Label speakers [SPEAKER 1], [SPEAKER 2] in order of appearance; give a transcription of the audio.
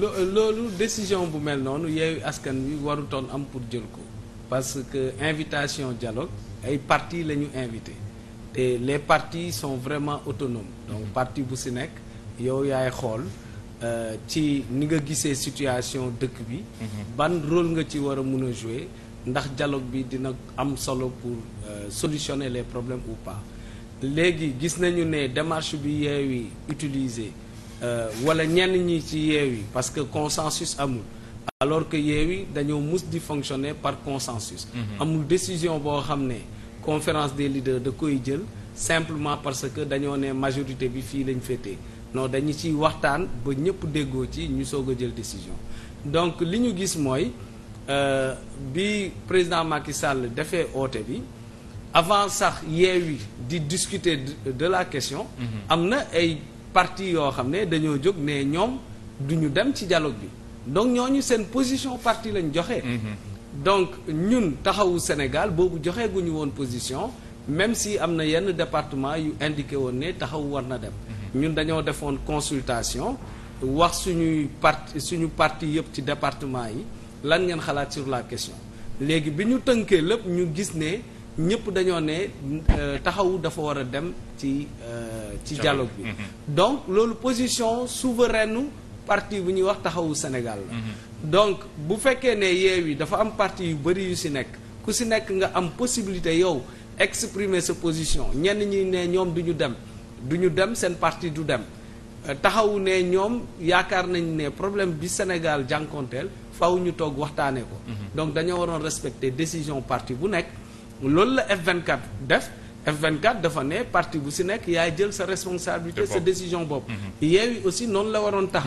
[SPEAKER 1] loolu décision bu mel noonu yeewu askan bi warutoon am pour jël ko parce que invitation dialogue ay partis la ñu invité te les partis son vraiment autonomes donc partie bu si nekk yow yaay xool euh, ci ni nga gisee situation dëkk bi mhm. ban rôle nga ci war a mun a jouer ndax dialogue bi dina am solo pour euh, solutionner les problèmes ou pas léegi gis nañu ne demarche bi yeewi utiliser Euh, wala ñenn ñi ci Yewwi parce que consensus amul alors que Yewwi dañoo mus di fonctionner par consensus mhm. amul décision boo xam ne conférence des leaders da koy jël simplement parce que dañoo ne majorité bi fii lañ féetee non dañu ciy waxtaan ba ñëpp déggoo ci ñu soog a jël décision donc li ñu gis mooy euh, bi président Macky Sall defee oote bi avant sax Yewwi di discuter de la question mhm. am na ay parti yoo xam ne dañoo jóg ne ñoom du ñu dem ci dialogue bi donc ñooñu seen position parti lañ joxe. Mm-hmm. donc ñun taxawu Sénégal boobu joxe gu ñu woon position même si am na yenn département yu indiqué woon ne taxawu war na dem. Mm-hmm. ñun dañoo defoon consultation wax suñuy parti suñu parti yëpp ci département yi lan ngeen xalaat sur la question léegi bi ñu tënkee lépp ñu gis ne. ñëpp dañoo ne euh, taxawu dafa war a dem ci euh, ci dialogue bi mhm. donc loolu position souveraine parti bu ñuy wax taxawu Sénégal la mhm. donc bu fekkee ne yeew yi dafa am parti yu bëri yu si nekk ku si nekk nga am possibilité yow exprimer sa position ñenn ñi ne ñoom du ñu dem du ñu dem seen parti du dem euh, taxawu ne ñoom yaakaar nañ ne problème bi Sénégal jànkonteel faw ñu toog waxtaanee ko mhm. donc dañoo waroon respecter décision parti bu nekk loolu la F24 def F24 dafa ne parti bu si nekk yaay jël sa responsabilité sa décision bopp. Mhm. Yewwi aussi noonu la waroon tax